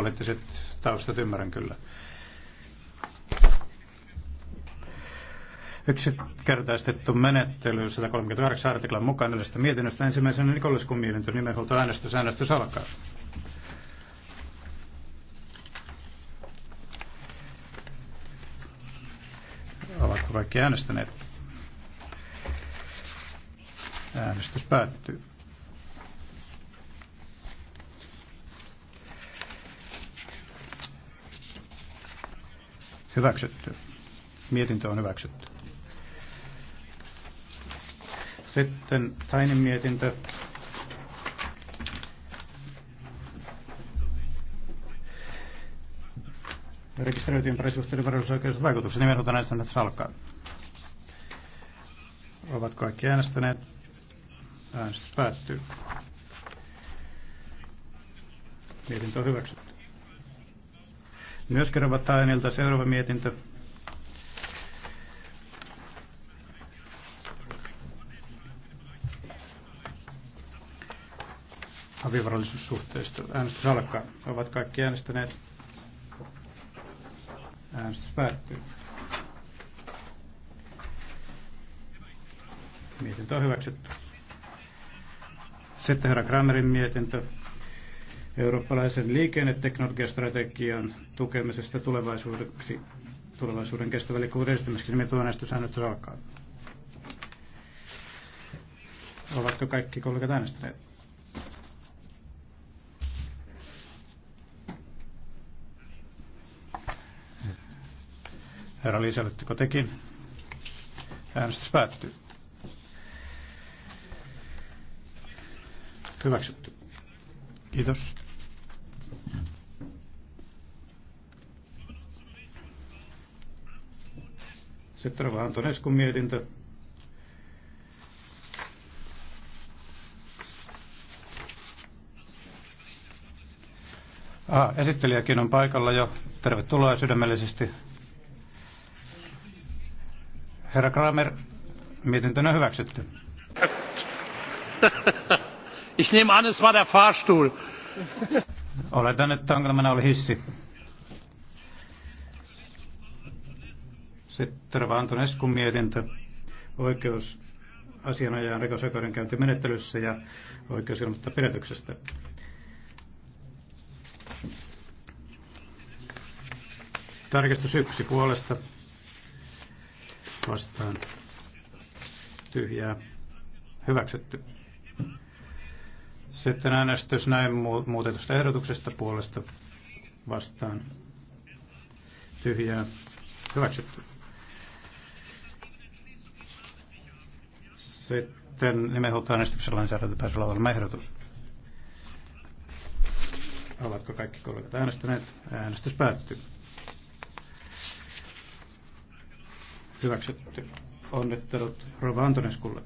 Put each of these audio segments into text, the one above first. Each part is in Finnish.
poliittiset taustat ymmärrän kyllä. yksinkertaistettu menettely 138 artiklan mukaan yleisestä mietinnöstä ensimmäisenä Nikolaskun mietintö nimenhuolto äänestys. Äänestys alkaa. Ovatko kaikki äänestäneet? Äänestys päättyy. Hyväksytty. Mietintö on hyväksytty. Sitten Tainin mietintö. Rekisteröityjen parisuhteiden varallisuusoikeudessa vaikutukset nimenomaan näistä salkaa. Ovat kaikki äänestäneet. Äänestys päättyy. Mietintö on hyväksytty. Myös Kervatainilta seuraava mietintö. Avivarallisuussuhteista äänestys alkaa. Ovat kaikki äänestäneet. Äänestys päättyy. Mietintö on hyväksytty. Sitten herra Kramerin mietintö eurooppalaisen liikenneteknologiastrategian tukemisesta tulevaisuudeksi, tulevaisuuden kestävälle kuudestamiseksi, niin tuon äänestyssäännöt alkaa. Ovatko kaikki kollegat äänestäneet? Herra Liisa, oletteko tekin? Äänestys päättyy. Hyväksytty. Kiitos. Sitten on Toneskun mietintö. Ah, esittelijäkin on paikalla jo. Tervetuloa sydämellisesti. Herra Kramer, mietintönä hyväksytty. Ich nehme an, es war der Fahrstuhl. Oletan, että ongelmana oli hissi. Sitten Rava Antoneskun mietintö oikeus asianajan rikosoikeudenkäyntimenettelyssä ja oikeusilmoittaa pidätyksestä. Tarkistus yksi puolesta vastaan tyhjää hyväksytty. Sitten äänestys näin muutetusta ehdotuksesta puolesta vastaan. Tyhjää. Hyväksytty. Sitten nimenhuoltoäänestyksen lainsäädäntöpäätös oleva ehdotus. Ovatko kaikki kollegat äänestäneet? Äänestys päättyy. Hyväksytty. Onnittelut Rova Antoneskulle.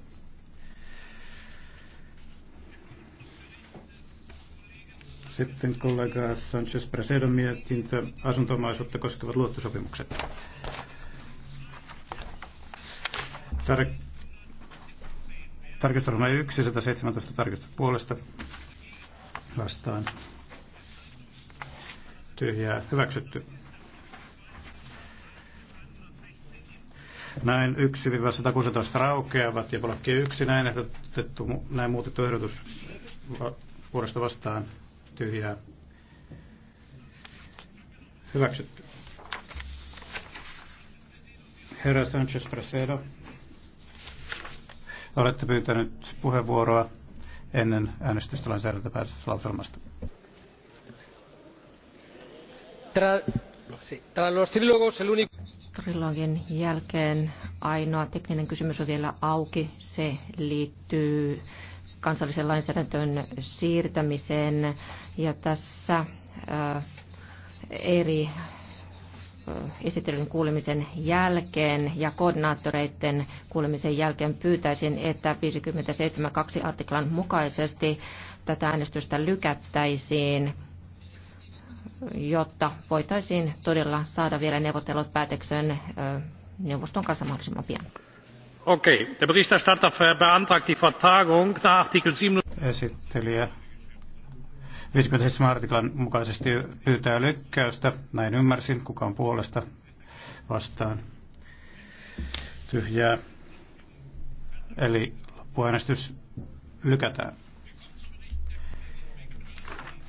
Sitten kollega Sanchez Presedon mietintö asuntomaisuutta koskevat luottosopimukset. Tar- tarkistusryhmä 1, 117 tarkistus puolesta vastaan. Tyhjää hyväksytty. Näin 1-116 raukeavat ja blokki 1 näin ehdotettu, näin muutettu ehdotus puolesta vastaan ja hyväksytty. Herra Sanchez Presedo, olette pyytänyt puheenvuoroa ennen äänestystä lainsäädäntöpäätöslauselmasta. Trilogin jälkeen ainoa tekninen kysymys on vielä auki. Se liittyy kansallisen lainsäädäntöön siirtämiseen. Ja tässä äh, eri äh, esittelyn kuulemisen jälkeen ja koordinaattoreiden kuulemisen jälkeen pyytäisin, että 57.2 artiklan mukaisesti tätä äänestystä lykättäisiin, jotta voitaisiin todella saada vielä neuvottelut päätöksen äh, neuvoston kanssa mahdollisimman pian der berichterstatter beantragt die vertagung nach artikel. esittelijä viisikymmentäseitsemän artiklan mukaisesti pyytää lykkäystä näin ymmärsin kuka on puolesta vastaan tyhjää eli loppuäänestys lykätään.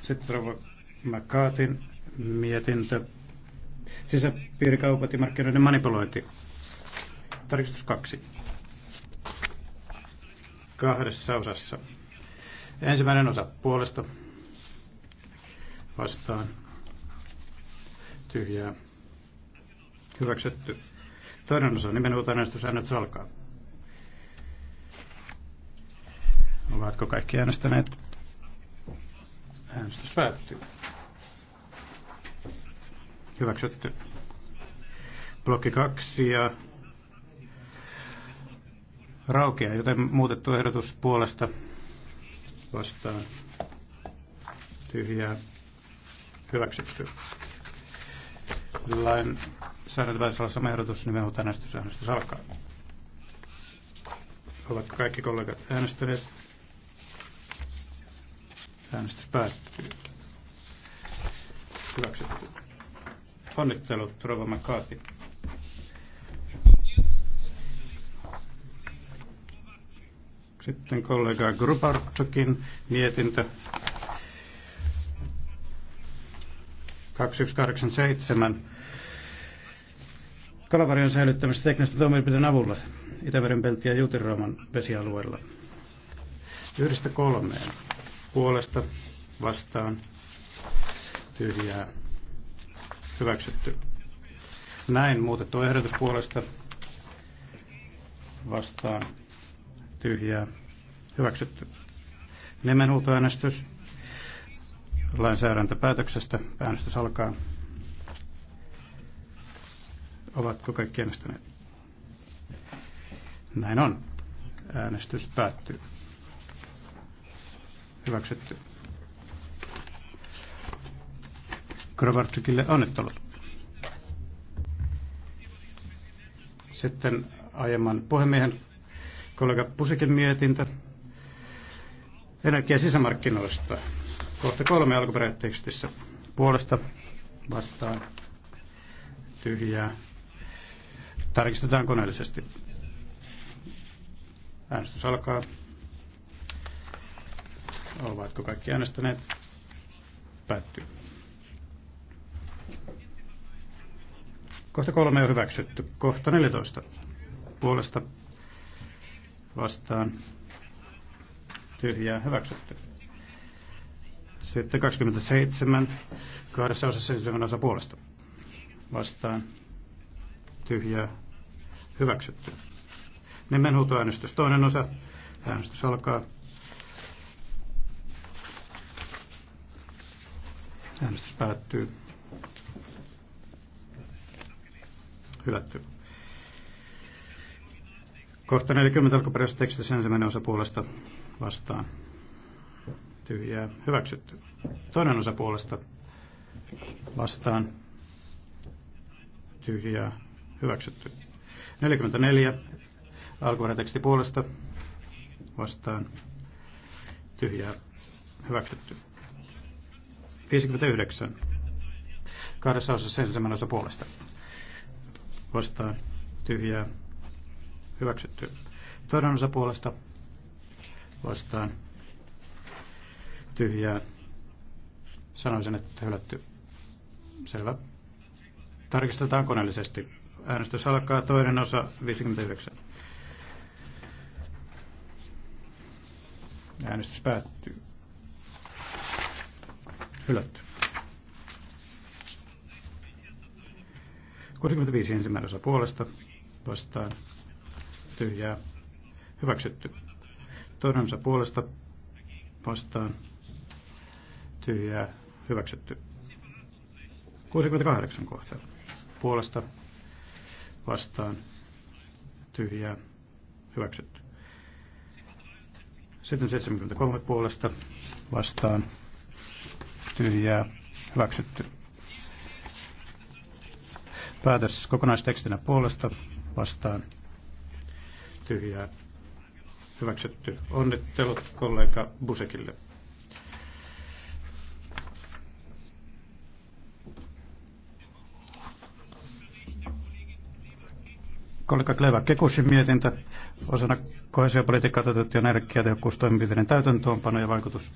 Sitten Rova McCartin mietintö sisäpiirikaupat ja markkinoiden manipulointi. Tarkistus kaksi kahdessa osassa. Ensimmäinen osa puolesta vastaan tyhjää hyväksytty. Toinen osa nimenomaan nimenhuutoäänestyssäännöt alkaa. Ovatko kaikki äänestäneet? Äänestys päättyy. Hyväksytty. Blokki 2 ja raukea, joten muutettu ehdotus puolesta vastaan tyhjää hyväksytty. Lain säädäntöväisellä sama ehdotus niin äänestysäännöstä alkaa. Ovatko kaikki kollegat äänestäneet? Äänestys päättyy. Hyväksytty. Onnittelut, Rova McCarthy. Sitten kollega Grubarczykin mietintö. 2187. Kalavarion säilyttämistä teknisten toimenpiteiden avulla Itämeren peltti ja Jutirooman vesialueella. Yhdestä kolmeen. Puolesta vastaan tyhjää hyväksytty. Näin muutettu ehdotus puolesta vastaan tyhjää hyväksytty. Nimenhuutoäänestys lainsäädäntöpäätöksestä. Äänestys alkaa. Ovatko kaikki äänestäneet? Näin on. Äänestys päättyy. Hyväksytty. Krovarczykille onnittelut. Sitten aiemman puhemiehen kollega Pusikin mietintä energia sisämarkkinoista. Kohta kolme alkuperäistekstissä puolesta vastaan tyhjää. Tarkistetaan koneellisesti. Äänestys alkaa. Ovatko kaikki äänestäneet? Päättyy. Kohta kolme on hyväksytty. Kohta 14. Puolesta vastaan tyhjää hyväksytty. Sitten 27, kahdessa osassa ensimmäinen osa puolesta vastaan tyhjää hyväksytty. Nimenhuutoäänestys toinen osa. Äänestys alkaa. Äänestys päättyy. Hylätty. Kohta 40 alkuperäisestä tekstistä ensimmäinen osa puolesta vastaan. Tyhjää. Hyväksytty. Toinen osa puolesta vastaan. Tyhjää. Hyväksytty. 44. teksti puolesta vastaan. Tyhjää. Hyväksytty. 59. Kahdessa osassa ensimmäinen osa puolesta. Vastaan. Tyhjää Hyväksytty. Toinen osa puolesta vastaan tyhjää. Sanoisin, että hylätty. Selvä. Tarkistetaan koneellisesti. Äänestys alkaa toinen osa 59. Äänestys päättyy. Hylätty. 65 ensimmäinen osa puolesta vastaan tyhjää hyväksytty. Toinensa puolesta vastaan tyhjää hyväksytty. 68 kohta puolesta vastaan tyhjää hyväksytty. Sitten 73 puolesta vastaan tyhjää hyväksytty. Päätös kokonaistekstinä puolesta vastaan tyhjää hyväksytty. Onnittelut kollega Busekille. kollega Kleva Kekusin mietintä. osana kohesiopolitiikkaa toteutettujen energiatehokkuustoimenpiteiden täytäntöönpano ja vaikutus.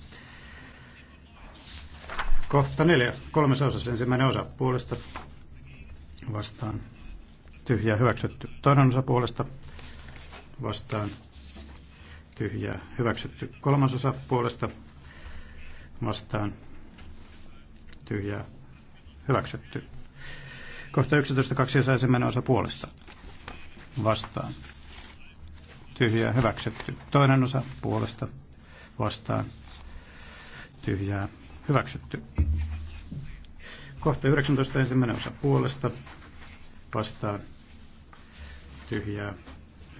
Kohta neljä, kolmessa osassa ensimmäinen osa puolesta vastaan tyhjää hyväksytty. Toinen osa puolesta vastaan tyhjää hyväksytty. Kolmasosa puolesta vastaan tyhjää hyväksytty. Kohta 11, kaksi osa ensimmäinen osa puolesta vastaan tyhjää hyväksytty. Toinen osa puolesta vastaan tyhjää hyväksytty. Kohta 19 ensimmäinen osa puolesta vastaan tyhjää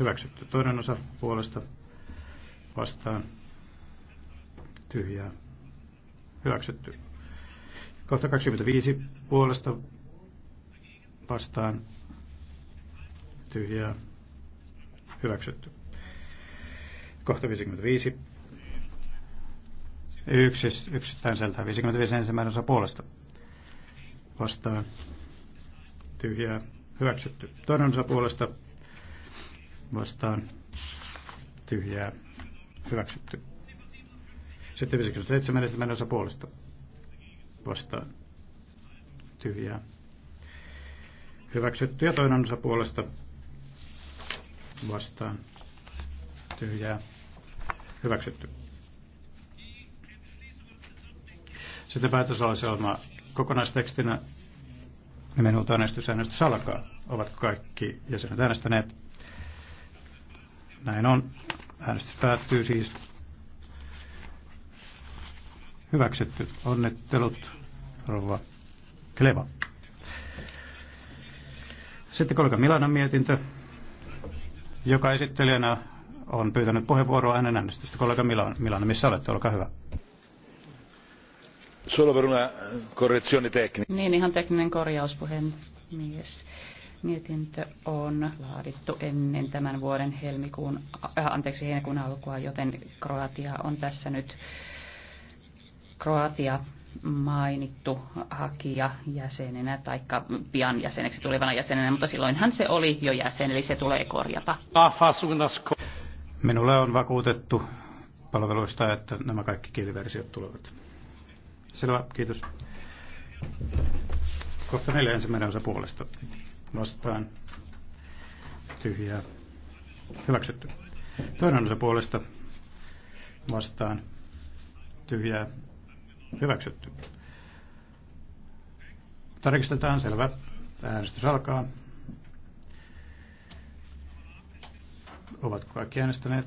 Hyväksytty toinen osa puolesta vastaan tyhjää. Hyväksytty. Kohta 25 puolesta vastaan tyhjää. Hyväksytty. Kohta 55. Yksi, sieltä 55 ensimmäinen osa puolesta vastaan tyhjää. Hyväksytty. Toinen osa puolesta vastaan tyhjää hyväksytty. Sitten 57 ensimmäinen osa puolesta vastaan tyhjää hyväksytty ja toinen osa puolesta vastaan tyhjää hyväksytty. Sitten päätösalaselma kokonaistekstinä äänestysäännöstä alkaa. Ovat kaikki jäsenet äänestäneet? Näin on. Äänestys päättyy siis. Hyväksytty. Onnittelut, rouva Kleva. Sitten kollega Milanan mietintö, joka esittelijänä on pyytänyt puheenvuoroa hänen äänestystä. Kollega Milan, Milan missä olette? Olkaa hyvä. Solo per una correzione tecnica. Niin, ihan tekninen korjaus, puhemies. Mietintö on laadittu ennen tämän vuoden helmikuun, äh, anteeksi, heinäkuun alkua, joten Kroatia on tässä nyt Kroatia mainittu hakija jäsenenä taikka pian jäseneksi tulevana jäsenenä, mutta silloinhan se oli jo jäsen, eli se tulee korjata. Minulle on vakuutettu palveluista, että nämä kaikki kieliversiot tulevat. Selvä, kiitos. Kohta neljä ensimmäinen osa puolesta vastaan tyhjää hyväksytty. Toinen osa puolesta vastaan tyhjää hyväksytty. Tarkistetaan selvä. Äänestys alkaa. Ovatko kaikki äänestäneet?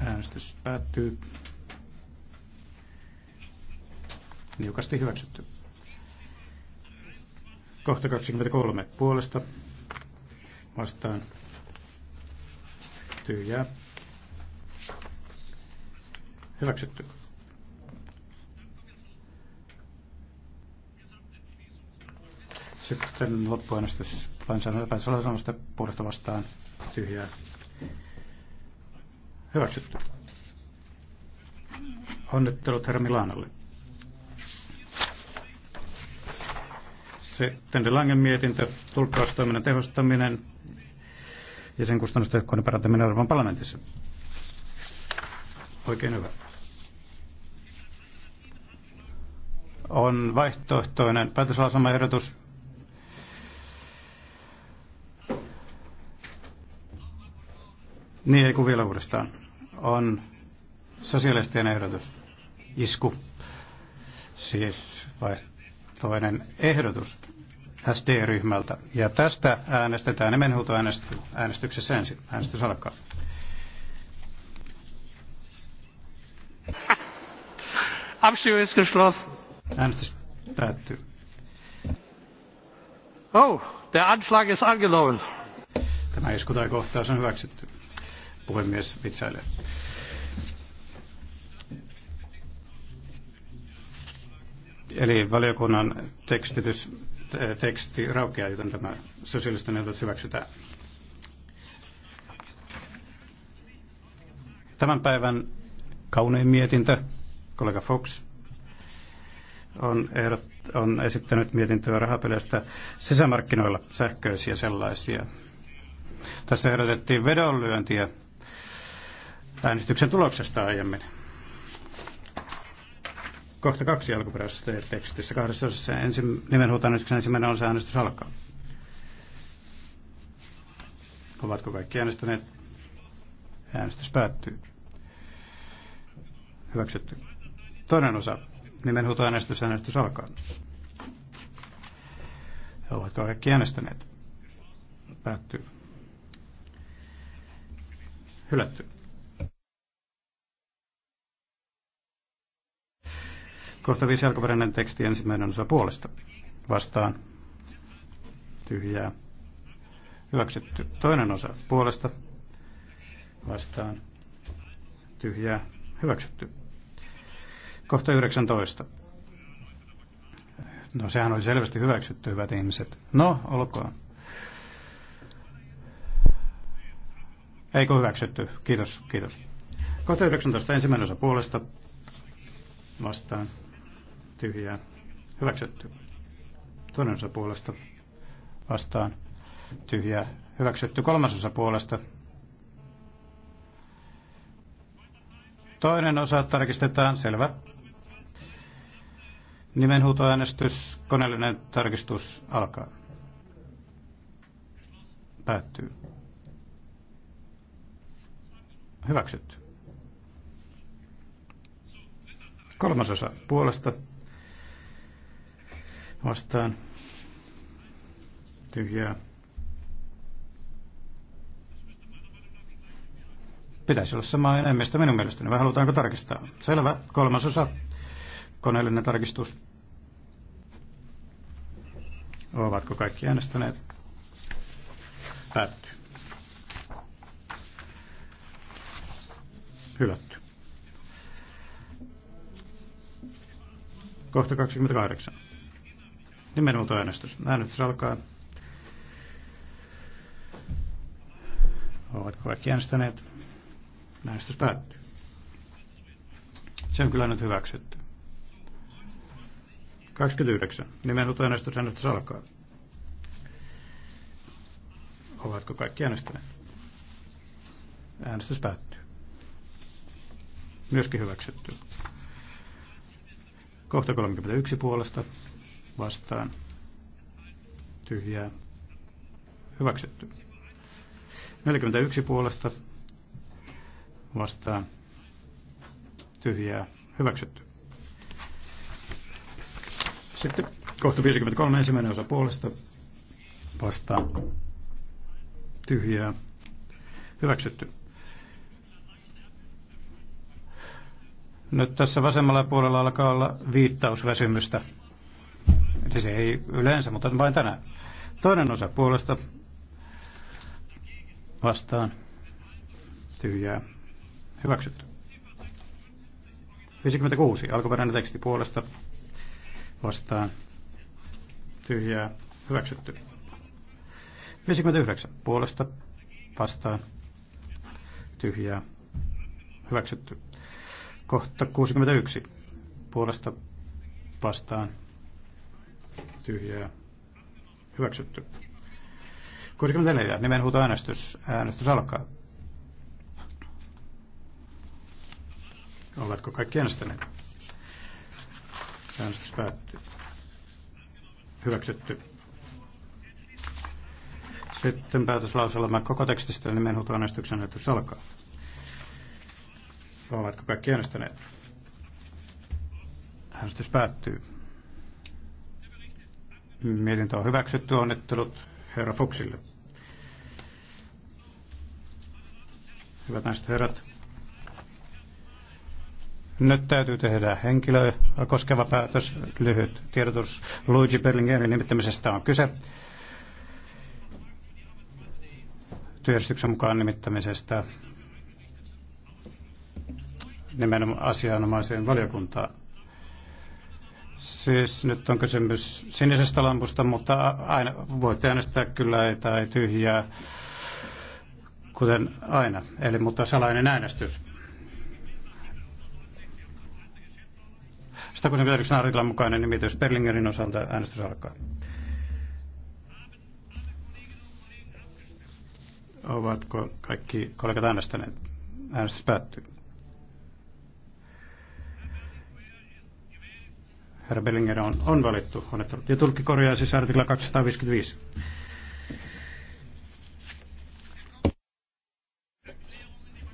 Äänestys päättyy. Niukasti hyväksytty. Kohta 23 puolesta vastaan tyhjää. Hyväksytty. Sitten loppuäänestys lainsäädäntöpäätösalaisuudesta puolesta vastaan tyhjää. Hyväksytty. Onnittelut herra Milanalle. Se Tende Langen mietintö, tulkkaustoiminnan tehostaminen ja sen kustannustehokkuuden parantaminen Euroopan parlamentissa. Oikein hyvä. On vaihtoehtoinen ehdotus, Niin ei kun vielä uudestaan. On sosialistien ehdotus. Isku. Siis vaihtoehtoinen ehdotus. SD-ryhmältä. Ja tästä äänestetään nimenhuutoäänestyksessä ensin. Äänestys alkaa. Äänestys päättyy. Oh, der Anschlag ist angenommen. Tämä isku tai kohtaus on hyväksytty. Puhemies vitsailee. Eli valiokunnan tekstitys teksti raukeaa, joten tämä sosiaalista neuvot hyväksytään. Tämän päivän kaunein mietintö, kollega Fox, on, ehdot, on esittänyt mietintöä rahapeleistä sisämarkkinoilla sähköisiä sellaisia. Tässä ehdotettiin vedonlyöntiä äänestyksen tuloksesta aiemmin kohta kaksi alkuperäisessä tekstissä kahdessa osassa. Ensin, nimenhuutoäänestyksen ensimmäinen se äänestys alkaa. Ovatko kaikki äänestäneet? Äänestys päättyy. Hyväksytty. Toinen osa. Nimenhuutoäänestys äänestys alkaa. Ovatko kaikki äänestäneet? Päättyy. Hylätty. Kohta viisi alkuperäinen teksti ensimmäinen osa puolesta. Vastaan. Tyhjää. Hyväksytty. Toinen osa puolesta. Vastaan. Tyhjää. Hyväksytty. Kohta 19. No sehän oli selvästi hyväksytty, hyvät ihmiset. No, olkoon. Eikö hyväksytty? Kiitos, kiitos. Kohta 19. Ensimmäinen osa puolesta vastaan tyhjää hyväksytty. Toinen osa puolesta vastaan tyhjää hyväksytty. Kolmas osa puolesta Toinen osa tarkistetaan, selvä. Nimenhuutoäänestys, koneellinen tarkistus alkaa. Päättyy. Hyväksytty. Kolmasosa puolesta vastaan tyhjää. Pitäisi olla sama enemmistö minun mielestäni, vai halutaanko tarkistaa? Selvä, kolmasosa, koneellinen tarkistus. Ovatko kaikki äänestäneet? Päättyy. Hylätty. Kohta 28 tuo Äänestys alkaa. Ovatko kaikki äänestäneet? Äänestys päättyy. Se on kyllä nyt hyväksytty. 29. äänestys Äänestys alkaa. Ovatko kaikki äänestäneet? Äänestys päättyy. Myöskin hyväksytty. Kohta 31 puolesta vastaan tyhjää hyväksytty. 41 puolesta vastaan tyhjää hyväksytty. Sitten kohta 53 ensimmäinen osa puolesta vastaan tyhjää hyväksytty. Nyt tässä vasemmalla puolella alkaa olla viittausväsymystä. Se ei yleensä, mutta vain tänään. Toinen osa puolesta vastaan tyhjää hyväksytty. 56. Alkuperäinen teksti puolesta vastaan tyhjää hyväksytty. 59. Puolesta vastaan tyhjää hyväksytty. Kohta 61. Puolesta vastaan tyhjää hyväksytty. 64. Nimenhuuto Äänestys alkaa. Oletko kaikki äänestäneet? Äänestys päättyy. Hyväksytty. Sitten päätöslauselma koko tekstistä äänestyksen äänestys alkaa. Oletko kaikki äänestäneet? Äänestys päättyy. Mietintö on hyväksytty. Onnittelut herra Fuxille. Hyvät naiset herrat. Nyt täytyy tehdä henkilöä koskeva päätös. Lyhyt tiedotus Luigi Berlingerin nimittämisestä on kyse. Työjärjestyksen mukaan nimittämisestä nimenomaan asianomaiseen valiokuntaan. Siis nyt on kysymys sinisestä lampusta, mutta aina, voitte äänestää kyllä tai tyhjää, kuten aina. Eli mutta salainen äänestys. Sitä kun sen mukainen nimitys Berlingerin osalta äänestys alkaa. Ovatko kaikki kollegat äänestäneet? Äänestys päättyy. herra Bellinger on, on valittu. Onnettelut. Ja tulkki korjaa siis artikla 255.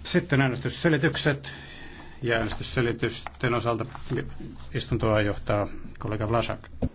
Sitten äänestysselitykset. Ja äänestysselitysten osalta istuntoa johtaa kollega Vlasak.